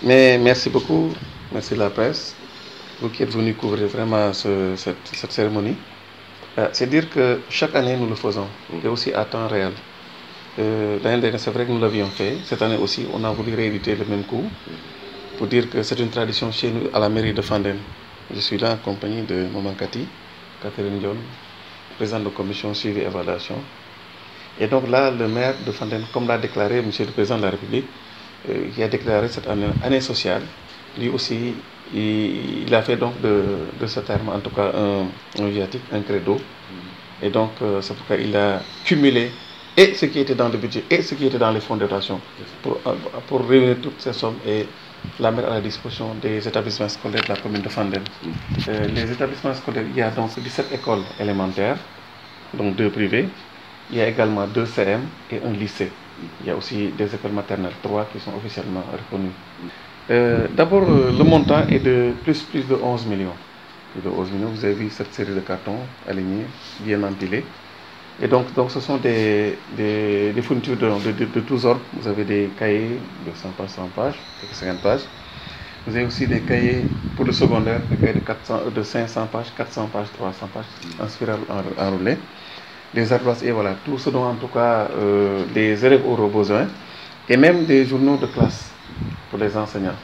Mais merci beaucoup, merci la presse, vous qui êtes venus couvrir vraiment cette, cérémonie. Euh, c'est dire que chaque année nous le faisons, mm. et aussi à temps réel. Euh, l'année dernière, c'est vrai que nous l'avions fait. Cette année aussi, on a voulu rééditer le même coup mm. pour dire que c'est une tradition chez nous à la mairie de Fanden. Je suis là en compagnie de Maman Cathy, Catherine Dion, présidente de la commission suivi et évaluation. Et donc là, le maire de Fanden, comme l'a déclaré M. le Président de la République, qui euh, a déclaré cette année, sociale, lui aussi, il, a fait donc de, de, ce terme, en tout cas, un, un viatique, un credo. Mm. Et donc, euh, c'est pourquoi il a cumulé et ce qui était dans le budget et ce qui était dans les fonds de dotation pour, euh, pour réunir toutes ces sommes et la mettre à la disposition des établissements scolaires de la commune de Fandem mm. les établissements scolaires, il y a donc 17 écoles élémentaires, donc deux privées. Il y a également deux CM et un lycée. Il y a aussi des écoles maternelles, trois qui sont officiellement reconnues. Euh, d'abord, euh, le montant est de plus, plus de 11 millions. de vous avez vu cette série de cartons alignés, bien empilés. Et donc, ce sont des, fournitures de, de, tous ordres. Vous avez des cahiers de 100 pages, 100 pages, 50 pages. Vous avez aussi des cahiers pour le secondaire, des cahiers de, 500 euh, pages, 400 pages, 300 pages, en spirale enroulée des adresses et voilà, tout ce dont en tout cas euh, les élèves auront besoin, et même des journaux de classe pour les enseignants.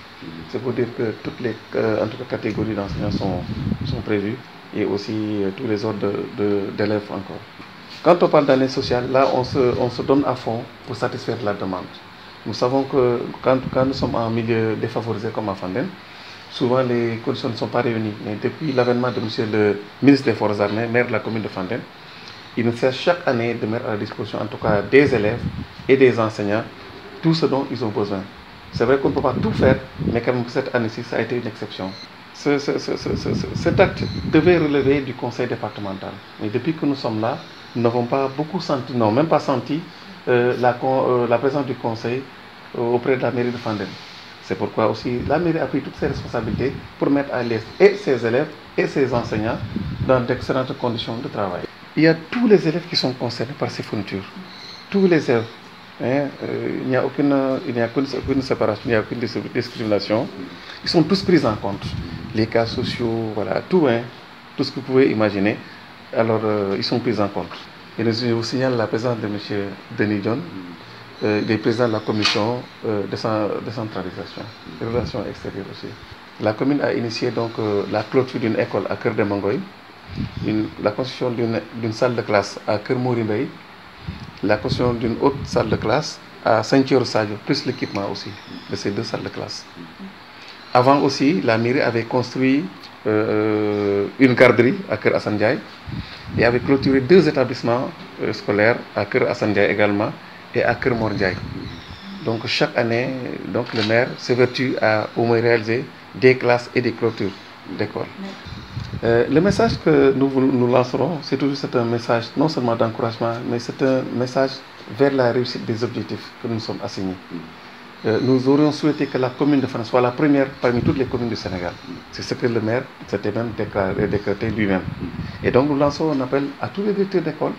C'est pour dire que toutes les euh, en catégories d'enseignants sont, sont prévues et aussi euh, tous les autres d'élèves encore. Quand on parle d'année sociale, là, on se, on se donne à fond pour satisfaire la demande. Nous savons que quand, quand nous sommes en milieu défavorisé comme à Fanden, souvent les conditions ne sont pas réunies. Mais depuis l'avènement de M. le ministre des Forces armées, maire de la commune de Fanden, il nous sert chaque année de mettre à la disposition, en tout cas des élèves et des enseignants, tout ce dont ils ont besoin. C'est vrai qu'on ne peut pas tout faire, mais quand même cette année-ci, ça a été une exception. Ce, cet acte devait relever du conseil départemental. Mais depuis que nous sommes là, nous n'avons pas beaucoup senti, non, même pas senti euh, la, euh, la, présence du conseil euh, auprès de la mairie de Fanden. C'est pourquoi aussi la mairie a pris toutes ses responsabilités pour mettre à l'aise et ses élèves et ses enseignants dans d'excellentes conditions de travail il y a tous les élèves qui sont concernés par ces fournitures. Tous les élèves. Hein, euh, il n'y a, aucune, il a aucune, séparation, il n'y a aucune discrimination. Ils sont tous pris en compte. Les cas sociaux, voilà, tout, hein, tout ce que vous pouvez imaginer. Alors, euh, ils sont pris en compte. Et je vous signale la présence de M. Denis John, euh, il président de la commission euh, de centralisation, des relations extérieures aussi. La commune a initié donc la clôture d'une école à Cœur de Mongoï la construction d'une salle de classe à Kermourimbay, la construction d'une autre salle de classe à saint thierry plus l'équipement aussi de ces deux salles de classe. Avant aussi, la mairie avait construit euh, euh, une garderie à Cœur et avait clôturé deux établissements euh, scolaires à Cœur également et à Cœur Donc chaque année, donc, le maire s'évertue à au moins réaliser des classes et des clôtures d'école. Euh, le message que nous, nous lancerons, c'est toujours un message non seulement d'encouragement, mais c'est un message vers la réussite des objectifs que nous sommes assignés. Mm. Euh, nous aurions souhaité que la commune de France soit la première parmi toutes les communes du Sénégal. Mm. C'est ce que le maire s'était même déclaré, lui-même. Mm. Et donc nous lançons un appel à tous les directeurs d'école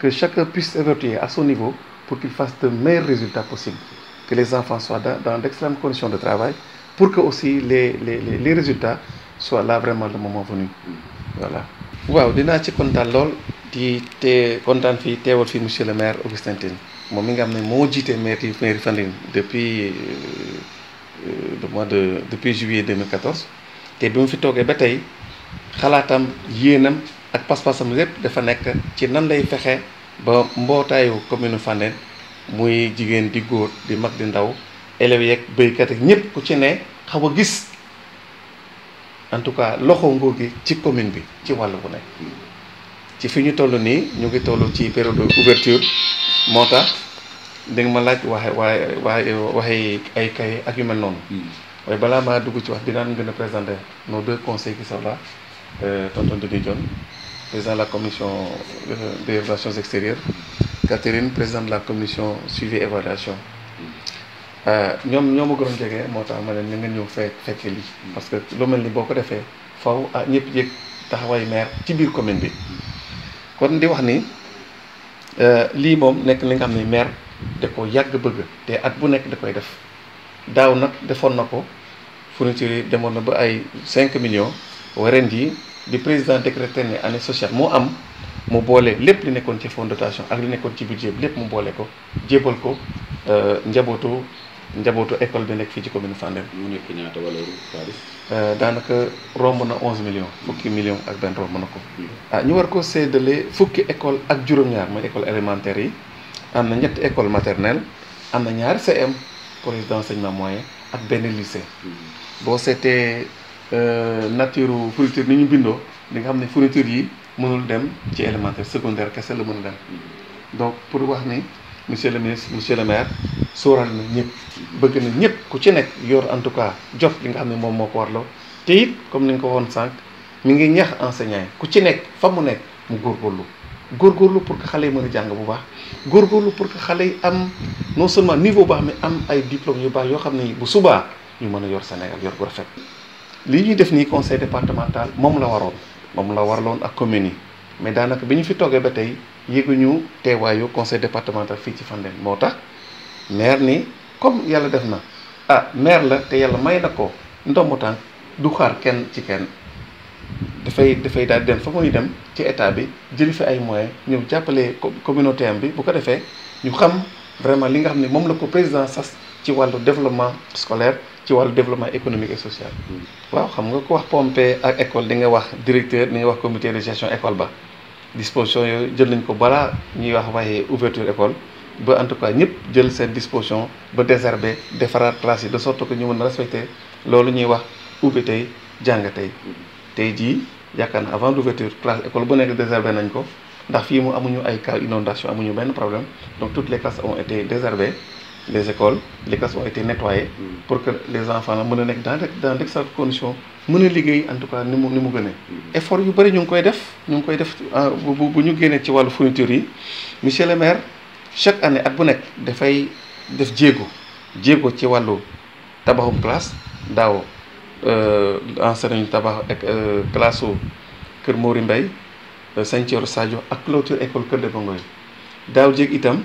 que chacun puisse évoluer à son niveau pour qu'il fasse de meilleurs résultats possibles, que les enfants soient dans, d'extrêmes conditions de travail, pour que aussi les, les, les résultats soit là vraiment le moment venu mm. voilà. waaw dina ci content lol di te kontaan fii teewal fi monsieur le maire Augustin Tine moom mi nga xam mo jité maire mairie mairie depuis euh, le mois de depuis juillet 2014 Té bimu fi togué ba tey xalaatam yéenam ak pas-pasam lépp dafa nek ci nan lay fexé ba mbotayou commune Fandène muy jigen di góor di mag di ndaw élèves yeeg béykat ak ñëpp ku ci né xawa gis en tout cas loxo nguur ci commune bi ci walu bu nek ci fiñu tollu ni ñu ngi tollu ci période ouverture moo tax ma laaj waxe waxe waxe ay kay ak yu mel noonu hmm. waaye balaa dugg ci wax présenter nos deux conseils qui sont là euh, tonton de Dione président la commission euh, des relations extérieures hmm. Catherine présidente de la commission suivi évaluation hmm. Euh, ñom ñom ma gënoon jege moo tax ma né na nga ñëw fekk fekke lii parce que lu melni boko défé ko defee faw ah ñëpp yëg maire ci biir commune bi kon di wax ni euh li mom nek li nga xam maire da ko yag bëgg té at bu nek da koy def daw nak defoon nako fourniture yi na ba ay 5 millions wareen ji di président décrété ne année sociale mo am mu boole lépp li nekkoon ci fond dotation ak li nekkoon ci budget lépp mu boole ko jébal ko euh, njabootu njabootu école bi nekk fii ci commune Fandène. mu nekk ñaata euh, daanaka romb na onze millions. fukki millions ak benn romb na ko. Hmm. ah ñu war ko séddale fukki école ak juróom-ñaar mooy école élémentaire yi am na ñetti école maternelle am na ñaari CM collège d'enseignement moyen ak benn lycée. Hmm. boo seetee euh, nature fourniture ni ñu bindoo li nga xam ne fourniture yi mënul dem ci élémentaire secondaire kese la mën a hmm. donc pour wax ni. monsieur le ministre le maire sóoraal na ñëpp ku ci nekk yor en tout cas jot li nga xam ne moom moo ko warloo te comme ni nga ko waxoon sànq mi ngi ñax enseignant yi ku ci nekk fa mu nekk mu góorgóorlu góorgóorlu pour que xale yi mën a jàng bu baax góorgóorlu pour que xale yi am non seulement niveau baax mais am ay diplôme yu baax yoo xam ne bu subaa ñu mën a yor Sénégal yor bu rafet. li ñuy def nii conseil départemental moom la waroon moom la warloon ak communes mais daanaka bi ñu fi toogee ba tey. yëguñu teewaayu conseil départemental fii ci Fandène moo tax maire ni comme yàlla def na ah maire la te yàlla may na ko ndombu tànk du xaar kenn ci kenn dafay dafay daal dem fa muy dem ci état bi jëli fi ay moyen ñëw jàppale communauté am bi bu ko defee ñu xam vraiment li nga xam ne moom la ko président sas ci wàllu développement scolaire ci wàllu développement économique et social mm. waaw xam nga ko wax pompe ak école di nga wax directeur di nga wax comité de gestion école ba disposition yooyu jël nañ ko balaa ñuy wax waaye ouverture école ba en tout cas ñëpp jël seen disposition ba désherber defaraat classe yi de sorte que ñu mën a respecter loolu ñuy wax ubbi tey jàng tey tey jii yaakaar avant l'ouverture classe école bu nekk désherber nañ ko ndax fii mu amuñu ay cas inondation amuñu benn problème donc toutes les classes ont été désherbées les écoles les classes ont été nettoyées pour que les enfants la mën dans dans d'excellentes conditions mën a en tout cas ni ni mu effort yu bëri ñu ngi koy def ñu ngi koy def bu bu ñu génnee ci fourniture michel monsieur le maire chaque année at bu nekk def def diego jéego ci wàllu tabaxum classe daaw euh, enseigne tabax ak euh, classe u Kër Mori euh, saint Sancoro Sadio ak clôture école Kër de Bangoy daaw diego itam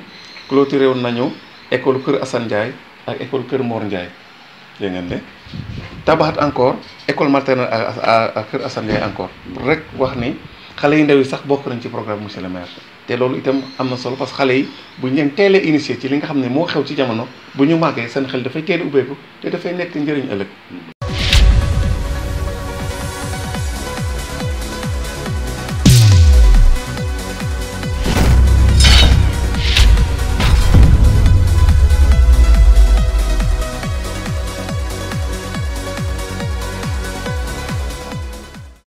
clôture woon nañu école Kër Assane Ndiaye ak école Kër Mor Ndiaye tabaxat encore école maternelle à Kër Assane Ndiaye encore rek wax ni xale yu ndaw yi sax bokk nañ ci programme monsieur le maire te loolu itam am na solo parce xale yi bu ñu leen teelee initié ci li nga xam ne moo xew ci jamono bu ñu màggee seen xel dafay teel a ubbeeku te dafay nekk njëriñ ëllëg